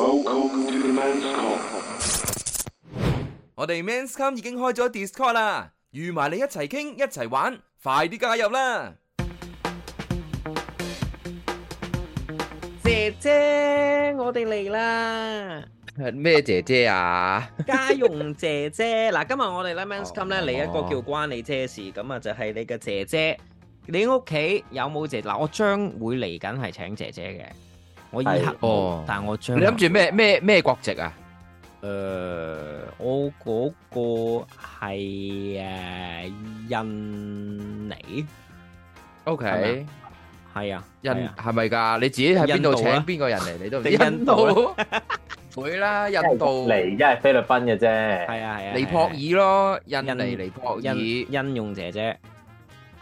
Welcome to the Men's Come。我哋 Men's Come 已經開咗 Discord 啦，預埋你一齊傾一齊玩，快啲加入啦！姐姐，我哋嚟啦！咩姐姐啊？家用姐姐。嗱， 今日我哋咧 Men's Come 咧嚟一個叫關你姐事，咁啊就係、是、你嘅姐姐。你屋企有冇姐姐？嗱，我將會嚟緊係請姐姐嘅。我意合，但係我將你諗住咩咩咩國籍啊？誒，我嗰個係誒印尼。OK，係啊，印係咪噶？你自己喺邊度請邊個人嚟？你都印度？會啦，印度嚟，一係菲律賓嘅啫。係啊係啊，尼泊爾咯，印尼尼泊爾，印傭姐姐。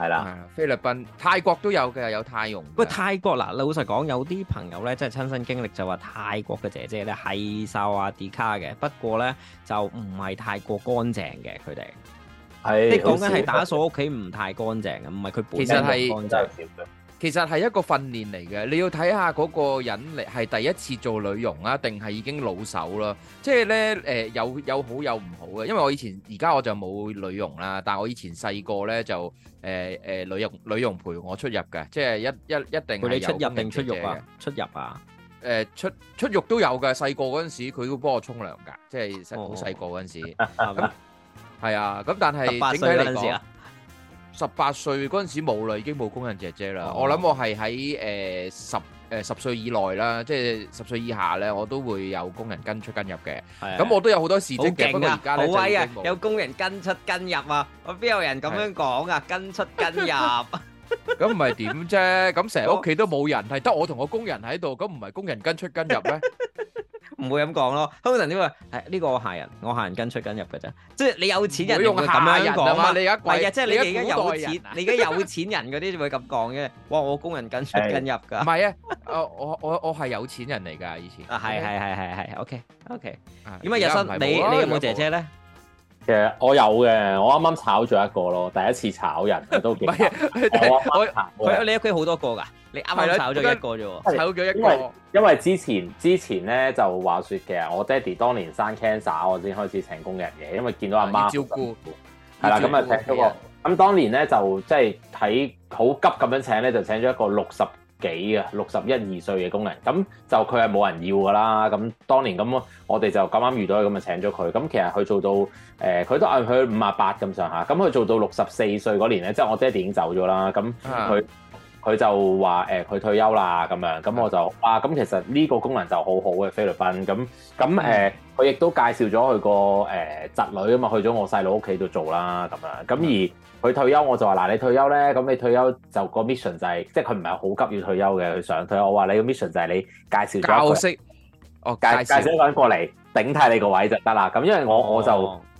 係啦，菲律賓、泰國都有嘅，有泰傭不泰有泰姐姐。不過不泰國嗱，老實講，有啲朋友咧，即係親身經歷就話，泰國嘅姐姐咧係瘦阿迪卡嘅，不過咧就唔係太過乾淨嘅佢哋，即係講緊係打掃屋企唔太乾淨嘅，唔係佢本身。其實係一個訓練嚟嘅，你要睇下嗰個人嚟係第一次做女傭啊，定係已經老手咯？即係咧誒，有有好有唔好嘅。因為我以前而家我就冇女傭啦，但我以前細個咧就誒誒女傭女傭陪我出入嘅，即係一一一定係有定出入啊！出入啊！誒出出浴都有嘅，細個嗰陣時佢都幫我沖涼㗎，即係好細個嗰陣時。咁係啊，咁但係整體嚟講。十八歲嗰陣時冇啦，已經冇工人姐姐啦。Uh oh. 我諗我係喺誒十誒、呃、十歲以內啦，即係十歲以下咧，我都會有工人跟出跟入嘅。咁的我都有好多事跡嘅。不過而家咧，好威啊！有，有工人跟出跟入啊！我邊有人咁樣講啊？ 跟出跟入，咁唔係點啫？咁成日屋企都冇人，係得我同個工人喺度，咁唔係工人跟出跟入咩？ 唔會咁講咯，通常點啊？係、哎、呢、這個我下人，我下人跟出跟入嘅啫。即、就、係、是、你有錢人咁樣講啊嘛？唔係啊，即係你而家有錢， 你而家有錢人嗰啲會咁講嘅。哇，我工人跟出跟入噶，唔係啊，我我我我係有錢人嚟㗎，以前啊係係係係係，OK OK。咁 啊，日新你、啊、你有冇姐姐咧？ 其實我有嘅，我啱啱炒咗一個咯，第一次炒人都幾難哈我我你屋企好多個噶，你啱啱炒咗一個啫喎，炒咗一個。因為之前之前咧就話說嘅，我爹哋當年生 cancer，我先開始請工人嘅，因為見到阿媽、啊、照顧。係啦，咁啊請一、那個。咁、啊啊、當年咧就即係睇好急咁樣請咧，就請咗一個六十。幾啊？六十一二歲嘅工人，咁就佢係冇人要㗎啦。咁當年咁，我哋就咁啱遇到佢，咁就請咗佢。咁其實佢做到，誒、呃，佢都係佢五啊八咁上下。咁佢做到六十四歲嗰年咧，即係我爹哋已經走咗啦。咁佢。 佢就話誒佢退休啦咁樣，咁我就哇咁其實呢個工人就好好嘅菲律賓咁咁誒，佢亦都介紹咗佢個誒侄女啊嘛，去咗我細佬屋企度做啦咁樣，咁而佢退休我就話嗱你退休咧，咁你退休就個 mission 就係即係佢唔係好急要退休嘅佢想退休，我話你個 mission 就係你介紹教識哦介介紹一個人過嚟頂替你個位就得啦，咁因為我我就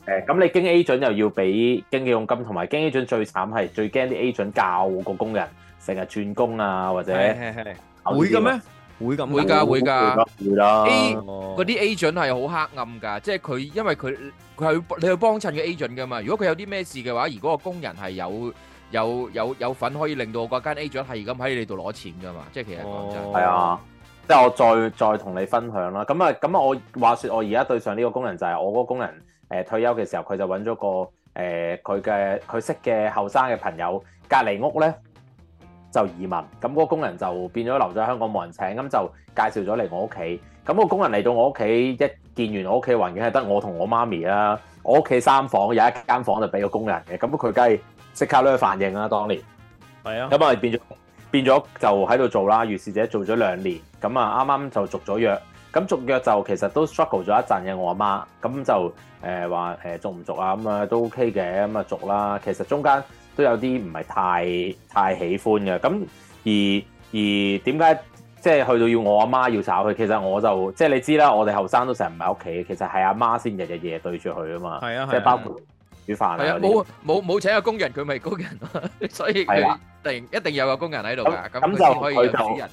誒咁你經 agent 又要俾經紀佣金，同埋經 agent 最慘係最驚啲 agent 教個工人。成日轉工啊，或者會嘅咩？會咁會㗎會㗎會啦。A 嗰啲 agent 係好黑暗㗎，即係佢因為佢佢係要你去幫襯嘅 agent 㗎嘛。如果佢有啲咩事嘅話，如果個工人係有有有有份可以令到我嗰間 agent 係咁喺你度攞錢㗎嘛。即係其實講真，係啊，即係我再再同你分享啦。咁啊咁啊，我話説我而家對上呢個工人就係我嗰個工人誒退休嘅時候，佢就揾咗個誒佢嘅佢識嘅後生嘅朋友隔離屋咧。就移民，咁嗰個工人就變咗留咗香港冇人請，咁就介紹咗嚟我屋企。咁個工人嚟到我屋企一見完我屋企環境係得我同我媽咪啦，我屋企三房有一間房就俾個工人嘅，咁佢梗係即刻咧反應啦。當年係啊，咁啊變咗變咗就喺度做啦，如是者做咗兩年，咁啊啱啱就續咗約，咁續約就其實都 struggle 咗一陣嘅我阿媽，咁就誒話誒續唔續啊，咁啊都 OK 嘅，咁啊續啦，其實中間。都有啲唔係太太喜歡嘅，咁而而點解即係去到要我阿媽要炒佢？其實我就即係你知啦，我哋後生都成日唔喺屋企，其實係阿媽先日日夜對住佢啊嘛。係啊，即係包括煮飯。係啊，冇冇冇請個工人，佢咪工人，所以佢定一定有個工人喺度㗎。咁咁就佢就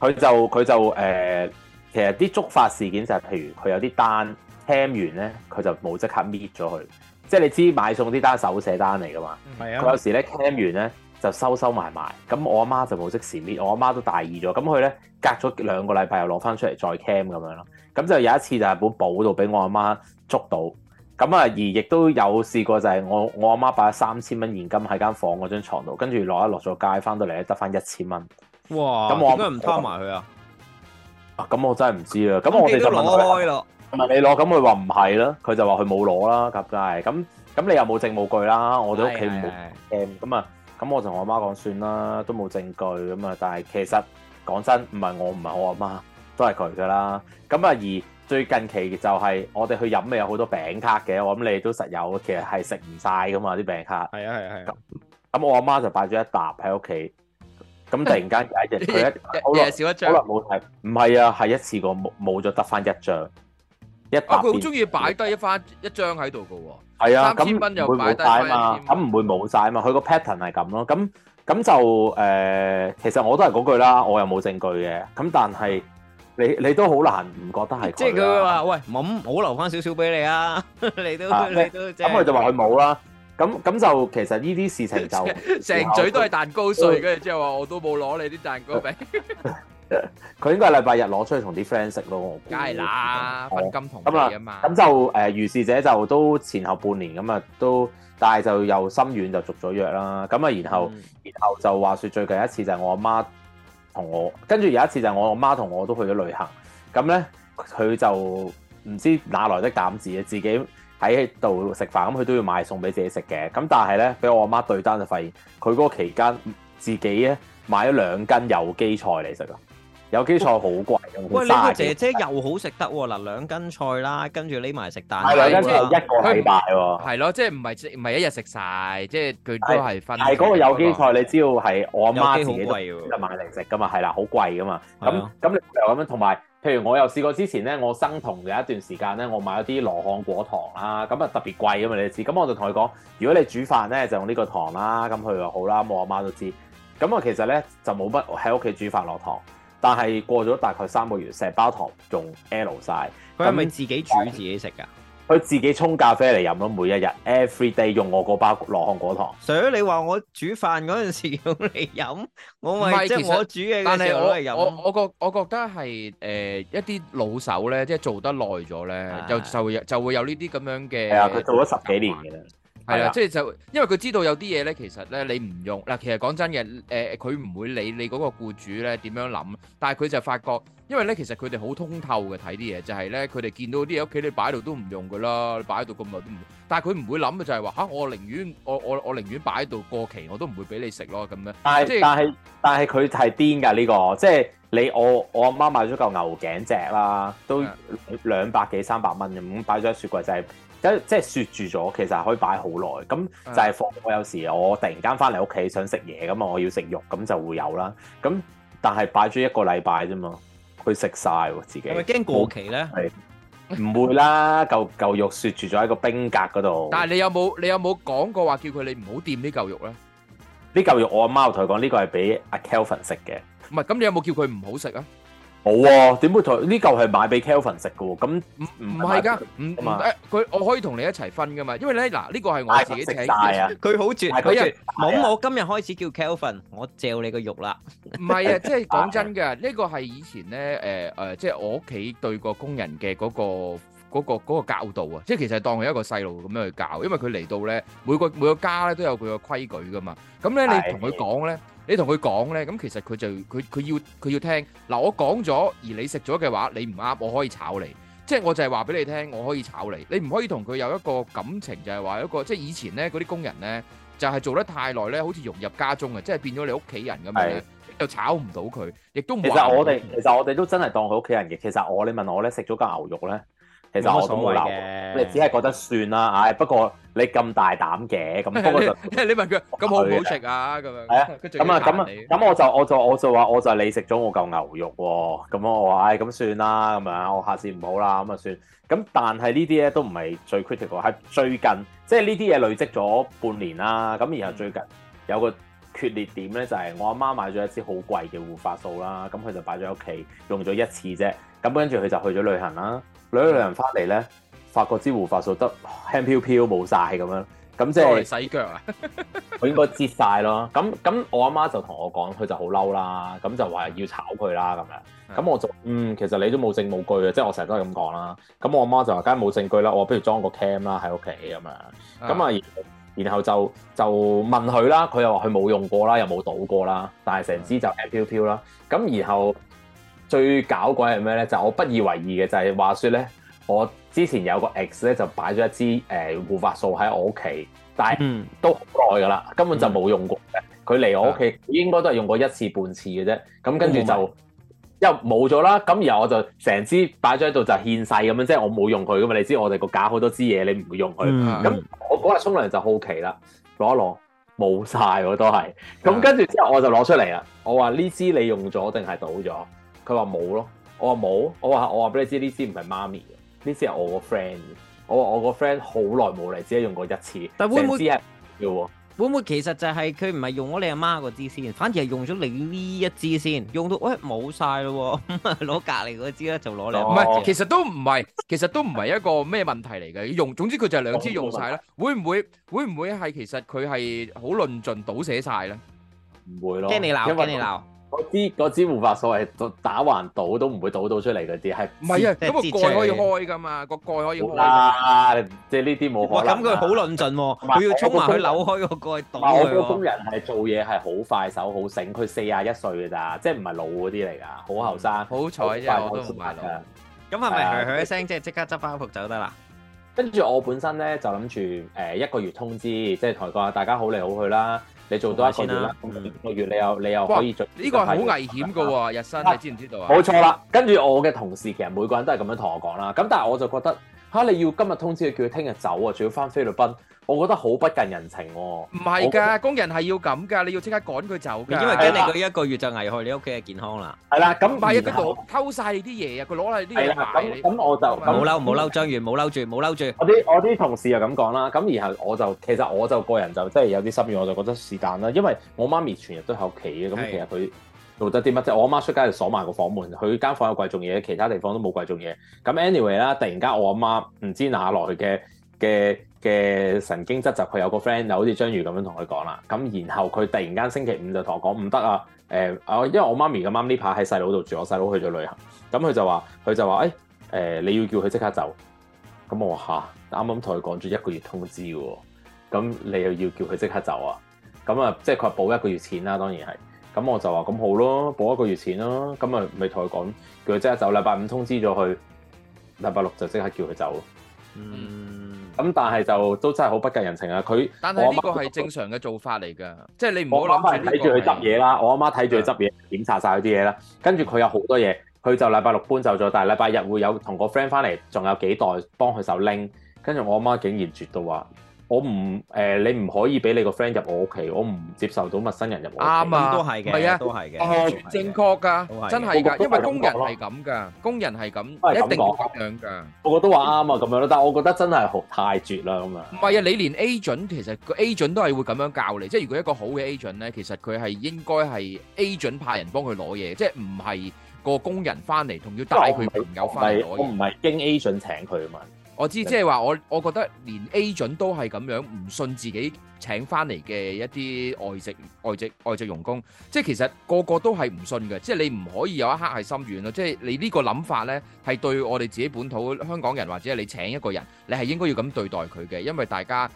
佢就佢就誒，其實啲觸發事件就係譬如佢有啲單聽完咧，佢就冇即刻搣咗佢。即係你知買餸啲單手寫單嚟噶嘛？佢，啊，有時咧 cam 完咧就收收埋埋，咁我阿媽就冇即時搣，我阿媽都大意咗，咁佢咧隔咗兩個禮拜又攞翻出嚟再 cam 咁樣咯。咁就有一次就係本簿度俾我阿媽捉到，咁啊而亦都有試過就係我我阿媽擺咗三千蚊現金喺間房嗰張床度，跟住攞一落咗街回來回來，翻到嚟得翻一千蚊。哇！咁我點解唔貪埋佢啊？我真知啊，咁我真係唔知啦。咁我哋，啊啊啊，就問開咯。唔係你攞，咁佢話唔係啦，佢就話佢冇攞啦，咁係咁，咁你又冇證冇據啦，我哋屋企冇，咁啊咁我同我阿媽講算啦，都冇證據咁啊。但係其實講真，唔係我，唔係我阿媽，都係佢噶啦。咁啊而最近期就係我哋去飲咪有好多餅卡嘅，我諗你都實有，其實係食唔晒噶嘛啲餅卡，係啊係啊係，咁咁我阿媽就擺咗一沓喺屋企，咁突然間有一日佢一嘢少一張，好啦冇係，唔係啊係一次過冇冇咗得返一張。不過佢好中意擺低一翻一張喺度噶喎，係啊，三千蚊又擺低翻，咁唔會冇晒啊嘛，佢個 pattern 係咁咯，咁咁就誒，其實我都係嗰句啦，我又冇證據嘅，咁但係你你都好難唔覺得係。即係佢話喂，冇，我留翻少少俾你啊，你都你都。咁佢就話佢冇啦，咁咁就其實呢啲事情就成嘴都係蛋糕碎，跟住即係話我都冇攞你啲蛋糕俾。佢應該禮拜日攞出去同啲 friend 食咯，我估係啦，揾我金同嘅嘛。咁就誒，如、呃、是者就都前後半年咁啊，都但係就又心軟就續咗約啦。咁啊，然後、嗯、然後就話説最近一次就係我阿媽同我，跟住有一次就係我阿媽同我都去咗旅行。咁咧，佢就唔知哪來的膽子，自己喺度食飯，咁佢都要買餸俾自己食嘅。咁但係咧，俾我阿媽對單就發現，佢嗰個期間自己咧買咗兩斤有機菜嚟食啊！有機菜好貴，喂！呢個姐姐又好食得，嗱，兩斤菜啦，跟住匿埋食蛋，係啦，即係一個禮拜喎，係咯，即係唔係唔係一日食晒，即係佢都係分，係嗰個有機菜，你只要係我阿媽自己要買嚟食噶嘛，係啦，好貴噶嘛，咁咁你咁樣，同埋譬如我又試過之前咧，我生酮嘅一段時間咧，我買咗啲羅漢果糖啦，咁啊特別貴噶嘛，你知，咁我就同佢講，如果你煮飯咧就用呢個糖啦，咁佢話好啦，我阿媽都知，咁啊其實咧就冇乜喺屋企煮飯落糖。但係過咗大概三個月，成包糖仲 l 晒。佢係咪自己煮自己食噶？佢自己沖咖啡嚟飲咯，每一日 every day 用我個包羅漢果糖。所以你話我煮飯嗰陣時用嚟飲，我咪即係我煮嘅時候攞嚟飲。我我覺我覺得係誒、呃、一啲老手咧，即係做得耐咗咧，的就就會就會有呢啲咁樣嘅。係啊，佢做咗十幾年嘅啦。係啦，即係就，因為佢知道有啲嘢咧，其實咧你唔用嗱，其實講真嘅，誒佢唔會理你嗰個僱主咧點樣諗，但係佢就發覺，因為咧其實佢哋好通透嘅，睇啲嘢，就係咧佢哋見到啲嘢屋企你擺喺度都唔用噶啦，你擺喺度咁耐都唔用，但係佢唔會諗嘅就係話吓，我寧願我我我寧願擺喺度過期，我都唔會俾你食咯咁樣。但係即但係但係佢係癲噶呢個，即係你我我阿媽買咗嚿牛頸脊啦，都兩百幾三百蚊咁擺咗喺雪櫃仔，就係。即係雪住咗，其實可以擺好耐。咁就係放，我有時我突然間翻嚟屋企想食嘢咁啊，我要食肉咁就會有啦。咁但係擺咗一個禮拜啫嘛，佢食晒喎自己。係咪驚過期咧？係唔會啦，嚿嚿 肉雪住咗喺個冰格嗰度。但係你有冇你有冇講過話叫佢你唔好掂呢嚿肉咧？呢嚿肉，我阿媽同佢講，呢個係俾阿 Kelvin 食嘅。唔係，咁你有冇叫佢唔好食啊？冇啊，點會同呢嚿係買俾 Kelvin 食嘅喎？咁唔唔係㗎，唔誒佢我可以同你一齊分㗎嘛？因為咧嗱，呢、這個係我自己食嘅，佢好絕，佢絕。咁我今日開始叫 Kelvin，我嚼你個肉啦！唔係啊，即係講真嘅，呢 個係以前咧誒誒，即、呃、係、就是、我屋企對個工人嘅嗰、那個。嗰個嗰個教導啊，即係其實當佢一個細路咁樣去教，因為佢嚟到咧，每個每個家咧都有佢個規矩㗎嘛。咁咧你同佢講咧，你同佢講咧，咁其實佢就佢佢要佢要聽。嗱，我講咗，而你食咗嘅話，你唔啱，我可以炒你。即係我就係話俾你聽，我可以炒你。你唔可以同佢有一個感情，就係話一個即係以前咧嗰啲工人咧，就係做得太耐咧，好似融入家中啊，即係變咗你屋企人咁樣。是的 又炒唔到佢，亦都唔其實我哋其實我哋都真係當佢屋企人嘅。其實我你問我咧，食咗間牛肉咧？其實我都冇鬧嘅，我只係覺得算啦，唉，不過你咁大膽嘅，咁不過就 你問佢咁好唔好食啊？咁樣係啊，咁啊，咁啊，咁我就我就我就話，我就你食咗我嚿牛肉喎，咁樣我話唉，咁、哎、算啦，咁樣我下次唔好啦，咁啊算。咁但係呢啲咧都唔係最 critical，喺最近，即係呢啲嘢累積咗半年啦，咁然後最近有個決裂點咧，就係我阿媽買咗一支好貴嘅護髮素啦，咁佢就擺咗喺屋企，用咗一次啫，咁跟住佢就去咗旅行啦。兩兩個人翻嚟咧，發覺支護髮素得輕飄飄冇晒。咁樣，咁即係洗腳啊！佢 應該折晒咯。咁咁，我阿媽，媽就同我講，佢就好嬲啦，咁就話要炒佢啦咁樣。咁我就嗯，其實你都冇證冇據嘅，即係我成日都係咁講啦。咁我阿媽，媽就話梗係冇證據啦，我不如裝個 cam 啦喺屋企咁樣。咁啊，啊然後就就問佢啦，佢又話佢冇用過啦，又冇倒過啦，但係成支就輕飄飄啦。咁然後。最搞鬼係咩咧？就我不以為意嘅，就係話說咧，我之前有個 X 咧就擺咗一支誒護髮素喺我屋企，但係都好耐噶啦，根本就冇用過。佢嚟我屋企應該都係用過一次半次嘅啫。咁跟住就又冇咗啦。咁然後我就成支擺咗喺度就獻世咁樣，即係我冇用佢噶嘛。你知我哋個假好多支嘢，你唔會用佢。咁我嗰日沖涼就好奇啦，攞一攞冇晒喎，我都係。咁跟住之後我就攞出嚟啦。我話呢支你用咗定係倒咗？佢話冇咯，我話冇，我話我話俾你知呢支唔係媽咪嘅，呢支係我個 friend。我話我個 friend 好耐冇嚟，只係用過一次。但會唔會呀？會唔會其實就係佢唔係用咗你阿媽嗰支先，反而係用咗你呢一支先，用到喂冇晒咯，攞隔離嗰支啦，就攞兩。唔係、哦，其實都唔係，其實都唔係一個咩問題嚟嘅。用總之佢就係兩支用晒啦。會唔會會唔會係其實佢係好論盡倒瀉晒咧？唔會咯。驚你鬧，驚你鬧。嗰支護髮素係打橫倒都唔會倒到出嚟嗰啲係，唔係啊？咁個蓋可以開噶嘛？個蓋可以開啦，即係呢啲冇。哇！咁佢好論盡喎，佢要衝埋去扭開個蓋倒佢。我個工人係做嘢係好快手好醒，佢四廿一歲㗎咋，即係唔係老嗰啲嚟㗎，好後生。好彩啫，我都唔係老。咁係咪噏噏聲即係即刻執翻幅就得啦？跟住我本身咧就諗住誒一個月通知，即係同佢講大家好嚟好去啦。你做多一個月啦，一個月，一個月你又你又可以做呢個係好危險嘅喎，日新你知唔知道啊？冇錯啦，跟住我嘅同事其實每個人都係咁樣同我講啦，咁但係我就覺得嚇、啊、你要今日通知佢叫佢聽日走啊，仲要翻菲律賓。我覺得好不近人情喎！唔係㗎，工人係要咁㗎，你要即刻趕佢走㗎。因為驚你佢一個月就危害你屋企嘅健康啦。係啦，咁係一個度偷晒你啲嘢啊！佢攞嚟啲嘢。係啦，咁我就冇嬲冇嬲，張遠冇嬲住冇嬲住。我啲我啲同事又咁講啦。咁然後我就其實我就個人就真係有啲心軟，我就覺得是但啦。因為我媽咪全日都喺屋企嘅，咁其實佢做得啲乜啫？我阿媽出街就鎖埋個房門，佢間房有貴重嘢，其他地方都冇貴重嘢。咁 anyway 啦，突然間我阿媽唔知哪落去嘅嘅。嘅神經質就佢有個 friend 就好似章魚咁樣同佢講啦，咁然後佢突然間星期五就同我講唔得啊，誒，我因為我媽咪咁啱呢排喺細佬度住，我細佬去咗旅行，咁佢就話佢就話誒，誒、哎呃、你要叫佢即刻走，咁我話吓，啱啱同佢講住一個月通知喎，咁你又要叫佢即刻走啊？咁啊，即係佢話補一個月錢啦、啊，當然係，咁我就話咁、嗯、好咯，補一個月錢咯、啊，咁啊咪同佢講，叫佢即刻走，禮拜五通知咗佢，禮拜六就即刻叫佢走。嗯咁、嗯、但係就都真係好不近人情啊！佢，但係呢個係正常嘅做法嚟㗎，即係你唔好諗。我阿媽係睇住佢執嘢啦，我阿媽睇住佢執嘢，的檢查晒嗰啲嘢啦。跟住佢有好多嘢，佢就禮拜六搬走咗，但係禮拜日會有同個 friend 翻嚟，仲有幾袋幫佢手拎。跟住我阿媽，媽竟然絕到話。我唔誒，你唔可以俾你個 friend 入我屋企，我唔接受到陌生人入我屋企。啱啊，都係嘅，係啊，都係嘅，絕對正確㗎，真係㗎，因為工人係咁㗎，工人係咁，一定要咁樣㗎。個個都話啱啊，咁樣咯，但係我覺得真係好太絕啦咁啊！唔係啊，你連 agent，其實個 agent 都係會咁樣教你，即係如果一個好嘅 agent 咧，其實佢係應該係 agent 派人幫佢攞嘢，即係唔係個工人翻嚟仲要帶佢朋友翻嚟攞嘅。我唔係經 agent 請佢啊嘛。我知，即係話我，我覺得連 agent 都係咁樣，唔信自己請翻嚟嘅一啲外籍、外籍、外籍傭工，即係其實個個都係唔信嘅。即係你唔可以有一刻係心軟咯。即係你個呢個諗法咧，係對我哋自己本土香港人，或者係你請一個人，你係應該要咁對待佢嘅，因為大家誒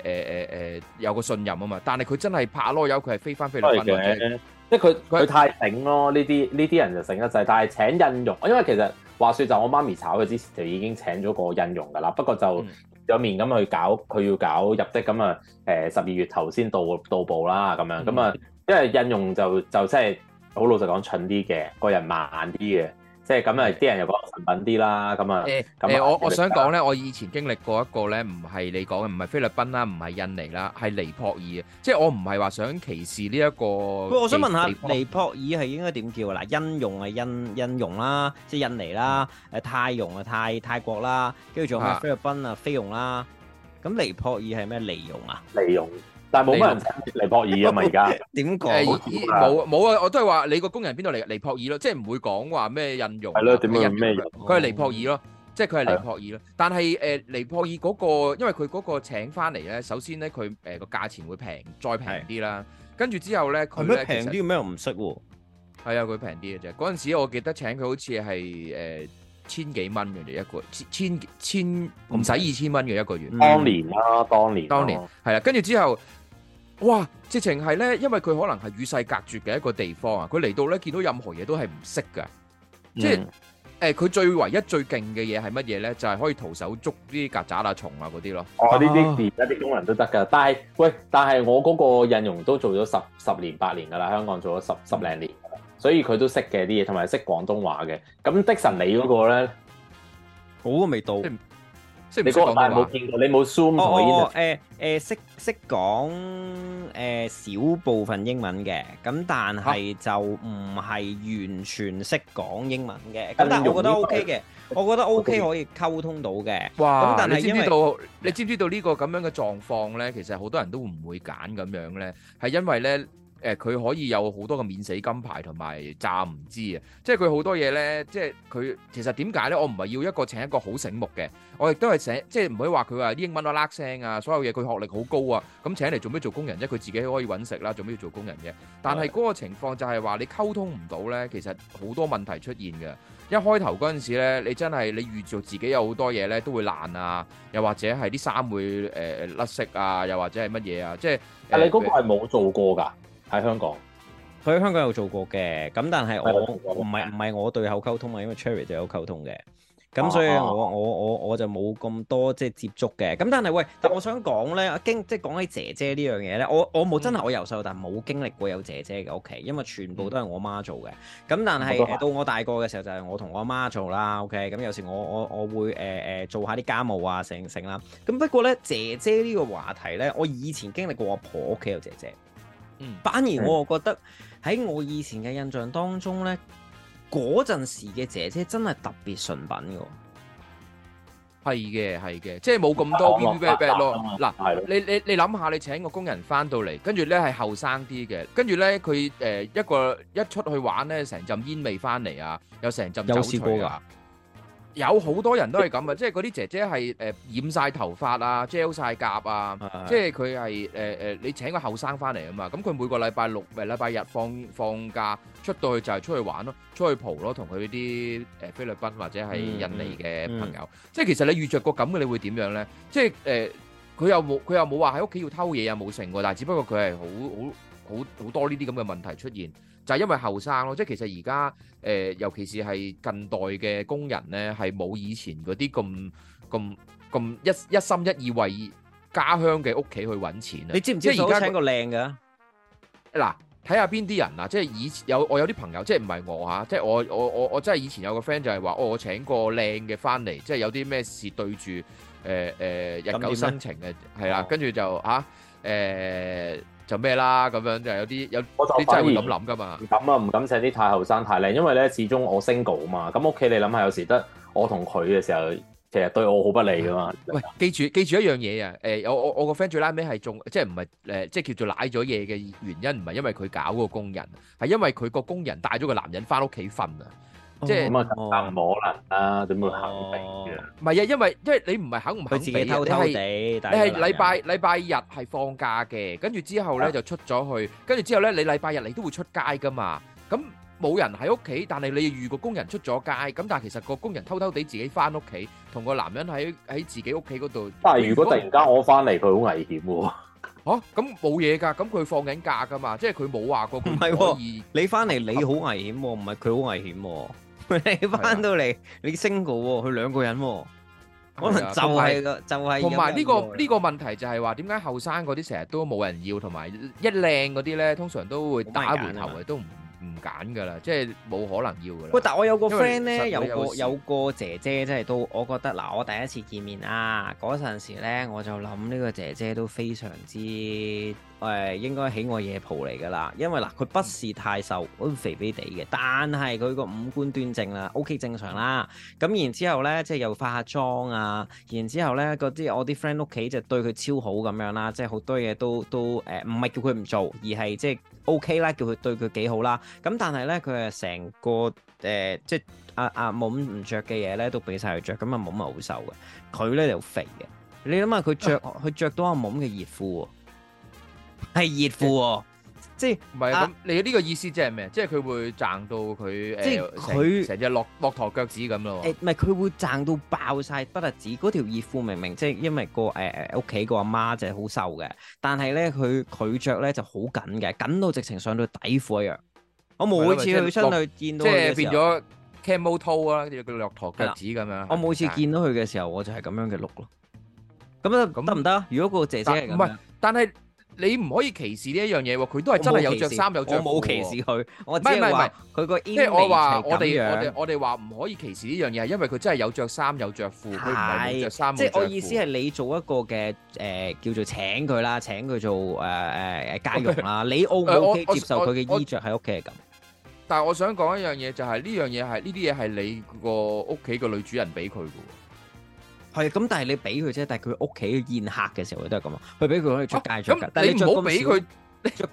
誒誒誒有個信任啊嘛。但係佢真係拍攞油，佢係飛翻菲律賓嘅，的即係佢佢太頂咯。呢啲呢啲人就頂得滯，但係請印傭，因為其實。話説，就我媽咪炒佢之前就已經請咗個印傭噶啦，不過就有面咁去搞，佢要搞入職咁啊，誒十二月頭先到到步啦咁樣，咁啊、嗯，因為印傭就就真係好老實講蠢啲嘅，個人慢啲嘅。即係咁啊！啲人又講順品啲啦，咁啊誒我我想講咧，我以前經歷過一個咧，唔係你講嘅，唔係菲律賓啦，唔係印尼啦，係尼泊爾。即係我唔係話想歧視呢、這、一個。我想問下，尼泊爾係應該點叫？嗱，印傭啊，印印傭啦，即係印尼啦，誒泰傭啊，泰泰國啦，跟住仲有菲律賓啊，菲傭啦。咁尼泊爾係咩尼傭啊？尼傭。但係冇乜人尼泊爾啊嘛，而家點講？冇冇啊！我都係話你個工人邊度嚟？尼泊爾咯，即係唔會講話咩印用。係咯，點解咩？佢係尼泊爾咯，即係佢係尼泊爾咯。但係誒，尼泊爾嗰個，因為佢嗰個請翻嚟咧，首先咧佢誒個價錢會平，再平啲啦。跟住之後咧，佢咧平啲咩？唔識喎。係啊，佢平啲嘅啫。嗰陣時我記得請佢好似係誒千幾蚊嘅一個千千千，唔使二千蚊嘅一個月。當年啦，當年當年係啦。跟住之後。哇！直情係咧，因為佢可能係與世隔絕嘅一個地方啊，佢嚟到咧見到任何嘢都係唔識噶，即係誒佢最唯一最勁嘅嘢係乜嘢咧？就係可以徒手捉啲曱甴啊、蟲啊嗰啲咯。哦，呢啲而家啲工人都得噶。但係喂，但係我嗰個印傭都做咗十十年八年噶啦，香港做咗十十零年，所以佢都識嘅啲嘢，同埋識廣東話嘅。咁的神你嗰個咧，我都未到。即係你嗰個但係冇見過，你冇 sum 嚟。哦、呃，誒、呃、誒，識講少、呃、部分英文嘅，咁但係就唔係完全識講英文嘅。咁、啊、但係我覺得 O K 嘅，嗯、我覺得 O、OK 嗯、K、OK、可以溝通到嘅。哇！咁但係你知唔知道？你知唔知道呢個咁樣嘅狀況咧？其實好多人都唔會揀咁樣咧，係因為咧。誒佢可以有好多嘅免死金牌同埋暫唔知啊！即係佢好多嘢咧，即係佢其實點解咧？我唔係要一個請一個好醒目嘅，我亦都係請即係唔可以話佢話啲英文我拉聲啊，所有嘢佢學歷好高啊，咁、嗯、請嚟做咩做工人啫？佢自己可以揾食啦，做咩要做工人啫？但係嗰個情況就係話你溝通唔到咧，其實好多問題出現嘅。一開頭嗰陣時咧，你真係你預咗自己有好多嘢咧都會爛啊，又或者係啲衫會誒甩、呃、色啊，又或者係乜嘢啊？即係你嗰個係冇做過㗎。喺香港，佢喺香港有做過嘅，咁但係我唔係唔係我對口溝通啊，因為 Cherry 就有溝通嘅，咁、啊、所以我我我我就冇咁多即係接觸嘅，咁但係喂，但我想講咧，阿經即係講起姐姐呢樣嘢咧，我我冇真係我由細到大冇經歷過有姐姐嘅屋企，因為全部都係我媽做嘅，咁但係、嗯、到我大個嘅時候就係、是、我同我阿媽做啦，OK，咁有時我我我會誒誒、呃、做下啲家務啊，成成啦，咁不過咧姐姐呢個話題咧，我以前經歷過阿婆屋企有姐姐。反而我覺得喺我以前嘅印象當中咧，嗰陣時嘅姐姐真係特別純品㗎，係嘅係嘅，即係冇咁多咯。嗱、啊，你你你諗下，你請個工人翻到嚟，跟住咧係後生啲嘅，跟住咧佢誒一個一出去玩咧，成陣煙味翻嚟啊，有成陣酒啊，有試過㗎？ 有好多人都係咁啊，即係嗰啲姐姐係誒、呃、染晒頭髮啊、gel 曬甲啊，即係佢係誒誒，你請個後生翻嚟啊嘛，咁佢每個禮拜六咪禮拜日放放假出到去就係出去玩咯，出去蒲咯，同佢啲誒菲律賓或者係印尼嘅朋友，嗯嗯、即係其實你遇着過咁嘅你會點樣咧？即係誒，佢又冇佢又冇話喺屋企要偷嘢啊，冇成喎，但係只不過佢係好好好好，好，好多呢啲咁嘅問題出現。就係因為後生咯，即係其實而家誒，尤其是係近代嘅工人咧，係冇以前嗰啲咁咁咁一一心一意為家鄉嘅屋企去揾錢啊！你知唔知？而家請個靚嘅嗱，睇下邊啲人啊！即係以前有我有啲朋友，即係唔係我吓？即係我我我我真係以前有個 friend 就係話，哦，我請個靚嘅翻嚟，即係有啲咩事對住誒誒日久生情嘅，係啦，跟住、啊哦、就吓。誒、啊。呃呃就咩啦，咁樣就係有啲有啲真係會咁諗噶嘛。唔敢啊，唔敢請啲太後生太靚，因為咧始終我 single 啊嘛。咁屋企你諗下，有時得我同佢嘅時候，其實對我好不利噶嘛。喂，記住記住一樣嘢啊！誒、欸，我我我個 friend 最 last 尾係中，即係唔係誒，即係叫做賴咗嘢嘅原因，唔係因為佢搞個工人，係因為佢個工人帶咗個男人翻屋企瞓啊。即係咁啊，唔可能啦，點會肯定嘅？唔係啊，因為因為你唔係肯唔肯俾，你係你係禮拜禮拜日係放假嘅，跟住之後咧就出咗去，跟住之後咧你禮拜日你都會出街噶嘛。咁冇人喺屋企，但係你要預個工人出咗街。咁但係其實個工人偷偷地自己翻屋企，同個男人喺喺自己屋企嗰度。但係如果突然間我翻嚟，佢好危險喎。嚇咁冇嘢㗎，咁佢放緊假㗎嘛，即係佢冇話過佢可以。唔係喎，你翻嚟你好危險喎，唔係佢好危險喎。 你翻到嚟，啊、你升個喎，佢兩個人，可能就係個就係同埋呢個呢個問題就係話，點解後生嗰啲成日都冇人要，同埋一靚嗰啲咧，通常都會打回頭嘅，都唔唔揀噶啦，即係冇可能要噶啦。喂，但我有個 friend 咧，有個有個有個姐姐，即係都，我覺得嗱，我第一次見面啊，嗰陣時咧，我就諗呢個姐姐都非常之。誒應該喜愛夜蒲嚟㗎啦，因為嗱佢不是太瘦，咁肥肥哋嘅，但係佢個五官端正啦，OK 正常啦。咁然之後咧，即係又化下妝啊，然之後咧嗰啲我啲 friend 屋企就對佢超好咁樣啦，即係好多嘢都都誒，唔、呃、係叫佢唔做，而係即係 OK 啦，叫佢對佢幾好啦。咁但係咧，佢係成個誒、呃、即係阿阿冇唔着嘅嘢咧，都俾晒佢着。咁阿冇咪好瘦嘅，佢咧就好肥嘅。你諗下佢着佢著到阿冇嘅熱褲。係熱褲喎，即係唔係，咁你呢個意思即係咩？即係佢會賺到佢，即係佢成隻駱駱駝腳趾咁咯喎。唔係佢會賺到爆晒不特止。嗰條熱褲，明明即係因為個誒誒屋企個阿媽就係好瘦嘅，但係咧佢佢著咧就好緊嘅，緊到直情上到底褲一樣。我每次去出去見到即係變咗 camel toe 啦，叫做駱駝腳趾咁樣。我每次見到佢嘅時候，我就係咁樣嘅 look 咯，咁得唔得啊？如果個姐姐唔係，但係。你唔可以歧視呢一樣嘢喎，佢都係真係有着衫有着褲。我冇歧視佢，我只係話佢個衣著，即係我話我哋我哋我哋話唔可以歧視呢樣嘢，因為佢真係有着衫有着褲，唔係冇著衫。即係我意思係你做一個嘅誒叫做請佢啦，請佢做誒誒誒家傭啦，你澳門接受佢嘅衣着喺屋企係咁。但係我想講一樣嘢就係呢樣嘢係呢啲嘢係你個屋企個女主人俾佢㗎。係咁，但係你俾佢啫。但係佢屋企宴客嘅時候佢都係咁啊。佢俾佢可以出街着嘅。但係你唔好俾佢。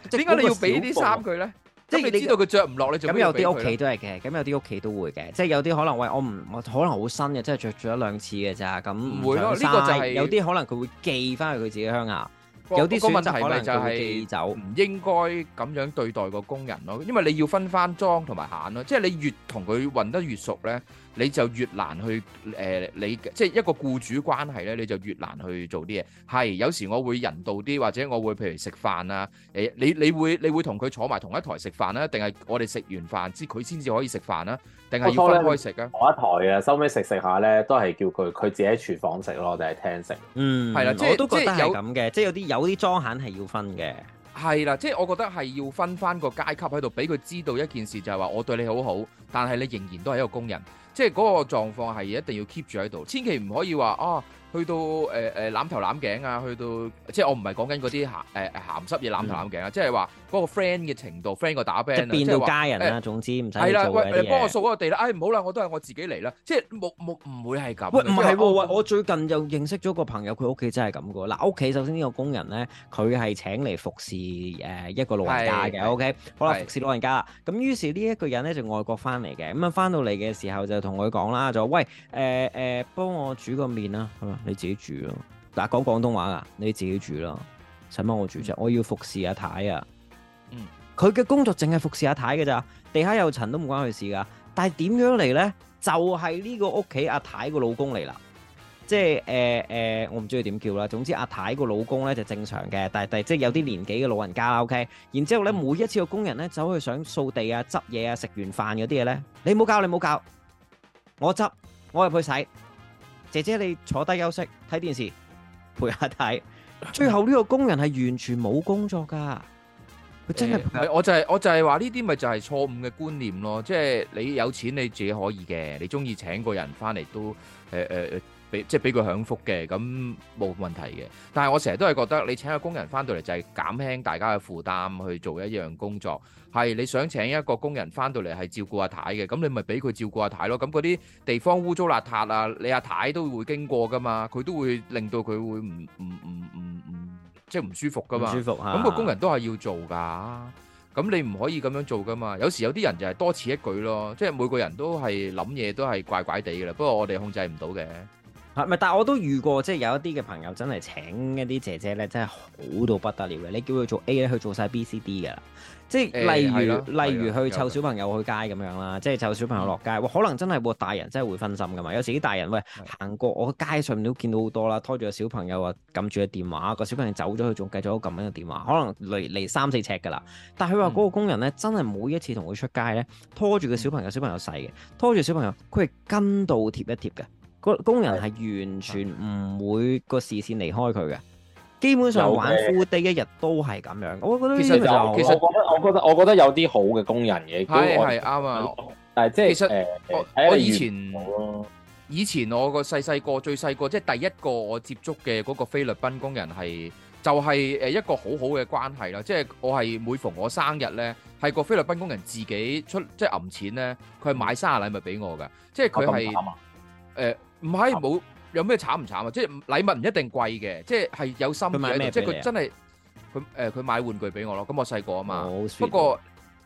點解你要俾啲衫佢咧？即係你知道佢着唔落，你就咁有啲屋企都係嘅。咁有啲屋企都會嘅。即係有啲可能喂，我唔我可能好新嘅，即係着咗一兩次嘅咋。咁唔會咯？呢個就係有啲可能佢會寄翻去佢自己鄉下。有啲個問題咪就係寄走。唔應該咁樣對待個工人咯，因為你要分翻裝同埋閂咯。即係你越同佢混得越熟咧。你就越難去誒，你即係一個僱主關係咧，你就越難去做啲嘢。係有時我會人道啲，或者我會譬如食飯啊，誒，你你會你會同佢坐埋同一台食飯啦，定係我哋食完飯先佢先至可以食飯啦，定係要分開食啊？同一台啊，收尾食食下咧，都係叫佢佢自己喺廚房食咯，定係廳食？嗯，係啦，即係我都覺得係咁嘅，即係有啲有啲莊閒係要分嘅，係啦，即係我覺得係要分翻個階級喺度，俾佢知道一件事就係話我對你好好，但係你仍然都係一個工人。即係嗰個狀況係一定要 keep 住喺度，千祈唔可以話啊。去到誒誒攬頭攬頸啊！去到即係我唔係講緊嗰啲鹹誒鹹濕嘢攬頭攬頸啊！即係話嗰個 friend 嘅程度，friend 個打 band，即係變到家人啦。總之唔使去做嘅嘢。係啦，喂，你幫我掃嗰個地啦。哎，唔好啦，我都係我自己嚟啦。即係冇冇唔會係咁。喂，唔係喎，喂，我最近又認識咗個朋友，佢屋企真係咁嘅。嗱，屋企首先呢個工人咧，佢係請嚟服侍誒一個老人家嘅。OK，好啦，服侍老人家啦。咁於是呢一個人咧就外國翻嚟嘅，咁啊翻到嚟嘅時候就同佢講啦，就話喂誒誒，幫我煮個麵啦。你自己住咯，但係講廣東話啦。你自己住咯，使乜我住啫？嗯、我要服侍阿太啊。嗯，佢嘅工作淨係服侍阿太嘅咋，地下有塵都唔關佢事噶。但係點樣嚟咧？就係、是、呢個屋企阿太個老公嚟啦。即係誒誒，我唔知佢點叫啦。總之阿太個老公咧就正常嘅，但係但係即係有啲年紀嘅老人家啦。OK，然之後咧、嗯、每一次個工人咧走去想掃地啊、執嘢啊、食完飯嗰啲嘢咧，你冇教，你冇教，我執，我入去洗。姐姐你坐低休息睇電視陪下睇， 最後呢個工人係完全冇工作噶，佢真係、呃，我就係、係、我就係話呢啲咪就係錯誤嘅觀念咯，即係、就係、你有錢你自己可以嘅，你中意請個人翻嚟都誒誒誒。呃呃呃俾即係俾佢享福嘅，咁冇問題嘅。但係我成日都係覺得，你請個工人翻到嚟就係減輕大家嘅負擔去做一樣工作。係你想請一個工人翻到嚟係照顧阿太嘅，咁你咪俾佢照顧阿太咯。咁嗰啲地方污糟邋遢啊，你阿太都會經過噶嘛，佢都會令到佢會唔唔唔唔唔即係唔舒服噶嘛。唔舒服。咁個工人都係要做㗎，咁你唔可以咁樣做㗎嘛。有時有啲人就係多此一舉咯，即係每個人都係諗嘢都係怪怪地㗎啦。不過我哋控制唔到嘅。係但係我都遇過，即係有一啲嘅朋友真係請一啲姐姐咧，真係好到不得了嘅。你叫佢做 A 咧，佢做晒 B、C、D 噶啦。即係例如，欸、例如去湊小朋友去街咁樣啦，即係湊小朋友落街。嗯、可能真係個大人真係會分心噶嘛。有時啲大人，喂行過我街上都見到好多啦，拖住個小朋友啊，撳住個電話，個小朋友走咗，佢仲繼續撳緊個電話，可能離離三四尺噶啦。但係佢話嗰個工人咧，真係每一次同佢出街咧，拖住個小朋友，小朋友細嘅，拖住小朋友，佢係跟到貼一貼嘅。個工人係完全唔會個視線離開佢嘅，基本上玩 full day 一日都係咁樣。我覺得其實就其實我覺得我覺得我覺得有啲好嘅工人嘅，係係啱啊！但係即係，其實我我以前以前我個細細個最細個，即係第一個我接觸嘅嗰個菲律賓工人係就係誒一個好好嘅關係啦。即係我係每逢我生日咧，係個菲律賓工人自己出即係揞錢咧，佢係買生日禮物俾我㗎。即係佢係誒。唔係冇有咩慘唔慘啊！即係禮物唔一定貴嘅，即係係有心嘅，即係佢真係佢誒佢買玩具俾我咯。咁我細個啊嘛，oh, sweet. 不過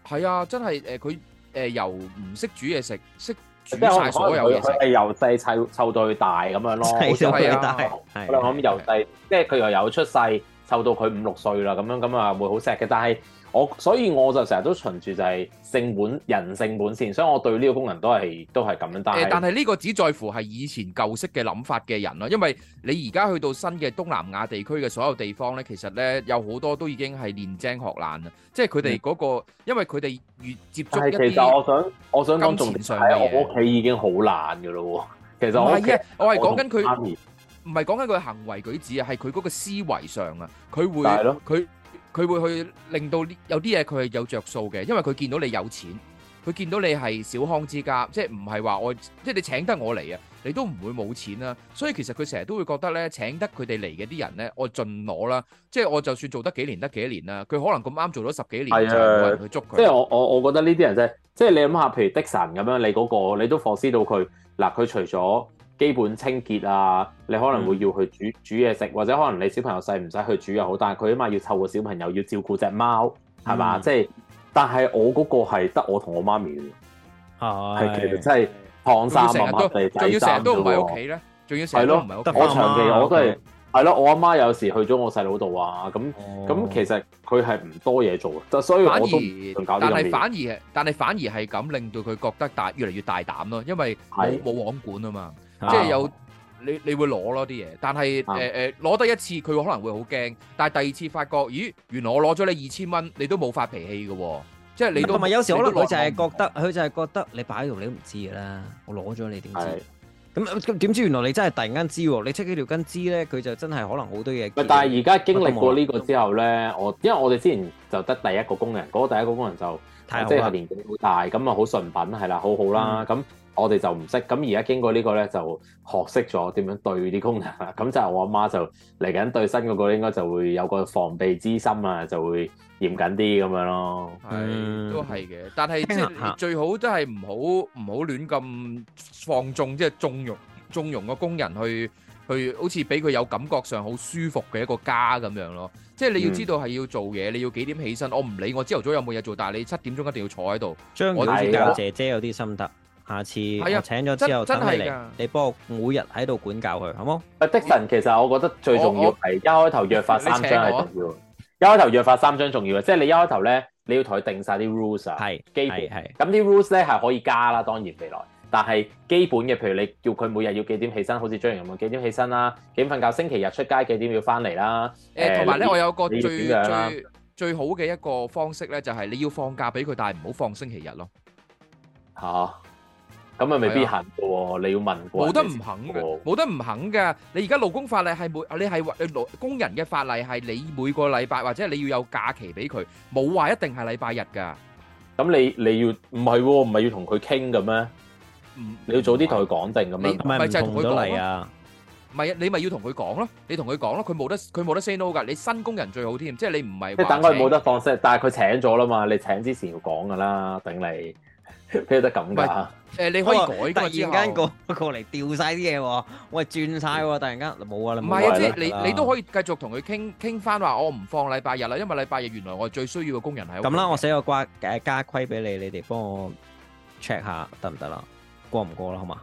係啊，真係誒佢誒由唔識煮嘢食，識煮晒所有嘢食，由細湊湊到佢大咁樣咯。好笑啊！但係我諗我由細即係佢由由出世湊到佢五六歲啦，咁樣咁啊會好錫嘅，但係。我所以我就成日都循住就係性本人性本善，所以我對呢個功能都係都係咁樣。但係但係呢個只在乎係以前舊式嘅諗法嘅人咯，因為你而家去到新嘅東南亞地區嘅所有地方咧，其實咧有好多都已經係練精學爛啦，即係佢哋嗰個，嗯、因為佢哋越接觸一啲。其實我想我想講重點上嚟，我屋企已經好爛噶咯喎。其實我係嘅，我係講緊佢唔係講緊佢行為舉止啊，係佢嗰個思維上啊，佢會佢。佢會去令到有啲嘢佢係有着數嘅，因為佢見到你有錢，佢見到你係小康之家，即係唔係話我即係你請得我嚟啊，你都唔會冇錢啦。所以其實佢成日都會覺得咧，請得佢哋嚟嘅啲人咧，我盡攞啦，即係我就算做得幾年得幾年啦，佢可能咁啱做咗十幾年就唔會去捉佢。即係我我我覺得呢啲人啫，即係你諗下，譬如的神咁樣，你嗰個你都放飛到佢嗱，佢除咗基本清潔啊，你可能會要去煮、嗯、煮嘢食，或者可能你小朋友細唔使去煮又好，但係佢起碼要湊個小朋友，要照顧、嗯、隻貓係嘛？即係但係我嗰個係得我同我媽咪，係、嗯、其實真係曬晒成日，就要成日都唔喺屋企咧，仲要成日都唔喺屋企。吧我長期我都係係咯，我阿媽，媽有時去咗我細佬度啊，咁咁、哦、其實佢係唔多嘢做，就所以我都但係反而但係反而係咁令到佢覺得大越嚟越大膽咯，因為冇冇網管啊嘛。即係有、啊、你，你會攞咯啲嘢，但係誒誒，攞得、啊呃、一次佢可能會好驚，但係第二次發覺，咦，原來我攞咗你二千蚊，你都冇發脾氣嘅喎，即係你同埋有時可能佢就係覺得，佢不就係覺,覺得你擺喺度你都唔知噶啦，我攞咗你點知，咁點是的 知原來你真係突然間知？你出幾條根枝咧，佢就真係可能好多嘢。但係而家經歷過呢個之後咧，我因為我哋之前就得第一個工人，嗰、那個第一個工人就即係年紀好大，咁啊好純品係啦，好好啦咁。我哋就唔識，咁而家經過呢個呢，就學識咗點樣對啲工人啦。咁 就係我阿媽就嚟緊對新嗰個，應該就會有個防備之心啊，就會嚴謹啲咁樣咯。係、嗯哎，都係嘅。但係最好都係唔好唔好亂咁放縱，即係縱容縱容個工人去去，好似俾佢有感覺上好舒服嘅一個家咁樣咯。即係你要知道係要做嘢，你要幾點起身？我唔理我朝頭早有冇嘢做，但係你七點鐘一定要坐喺度。張大妖牙姐姐有啲心得。下次我請咗之後等你嚟，你幫我每日喺度管教佢，好唔好？的神其實我覺得最重要係一開頭約法三章係重要、啊一重要，一開頭約法三章重要嘅，即係你一開頭咧，你要同佢定晒啲 rules 啊，係基本係。咁啲 rules 咧，係可以加啦，當然未來，但係基本嘅，譬如你叫佢每日要幾點起身，好似張咁樣，幾點起身啦，啊，幾點瞓覺，星期日出街幾點要翻嚟啦。誒、呃，同埋咧，有你我有個最，啊、最最好嘅一個方式咧，就係你要放假俾佢，但係唔好放星期日咯。吓、啊？咁啊，未必行嘅喎，你要問過冇得唔肯嘅，冇得唔肯嘅。你而家勞工法例係每，你係勞工人嘅法例係你每個禮拜或者你要有假期俾佢，冇話一定係禮拜日嘅。咁你你要唔係喎？唔係要同佢傾嘅咩？唔，你要早啲同佢講定嘅咩？唔係就係同佢嚟啊！唔係啊，你咪要同佢講咯，你同佢講咯，佢冇得佢冇得 say no 嘅。你新工人最好添，即係你唔係即係等佢冇得放息，但係佢請咗啦嘛，你請之前要講嘅啦，等你。佢得咁噶，誒你可以改突然間過過嚟掉晒啲嘢喎，我係轉晒喎，突然間冇啊，唔係啊，即係你、啊、你都可以繼續同佢傾傾翻話，我唔放禮拜日啦，因為禮拜日原來我最需要嘅工人喺度。咁啦，我寫個關誒家規俾你，你哋幫我 check 下得唔得啦，過唔過啦，好嘛？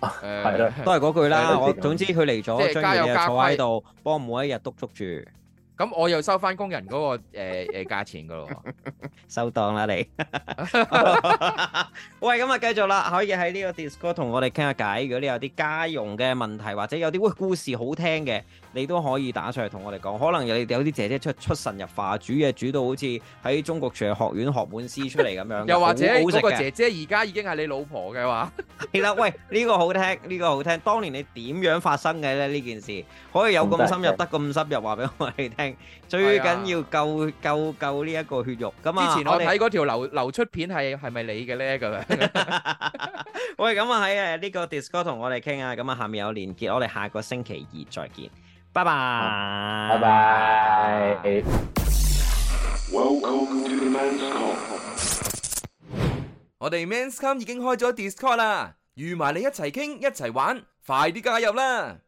誒、啊，係啦， 都係嗰句啦。我總之佢嚟咗，將啲嘢坐喺度，幫我每一日督促住。咁我又收翻工人嗰、那個誒誒、呃、價錢噶咯，收檔啦你。 喂，咁啊繼續啦，可以喺呢個 Discord 同我哋傾下偈。如果你有啲家用嘅問題，或者有啲喂故事好聽嘅，你都可以打上嚟同我哋講。可能有有啲姐姐出出神入化，煮嘢煮到好似喺中國廚藝學院學滿師出嚟咁樣， 又或者嗰個姐姐而家已經係你老婆嘅話。係 啦，喂，呢、這個好聽，呢、這個好聽。當年你點樣發生嘅咧？呢件事可以有咁深入，得咁行深入，話俾我哋聽。最緊要夠夠夠呢一個血肉噶嘛？啊、之前我睇嗰條流流出片係係咪你嘅咧？咁， 我哋咁啊喺誒呢個 Discord 同我哋傾啊，咁啊下面有連結，我哋下個星期二再見，拜拜，拜拜。Welcome to the Men's Come。 我哋 Men's Come 已經開咗 Discord 啦，預埋你一齊傾一齊玩，快啲加入啦！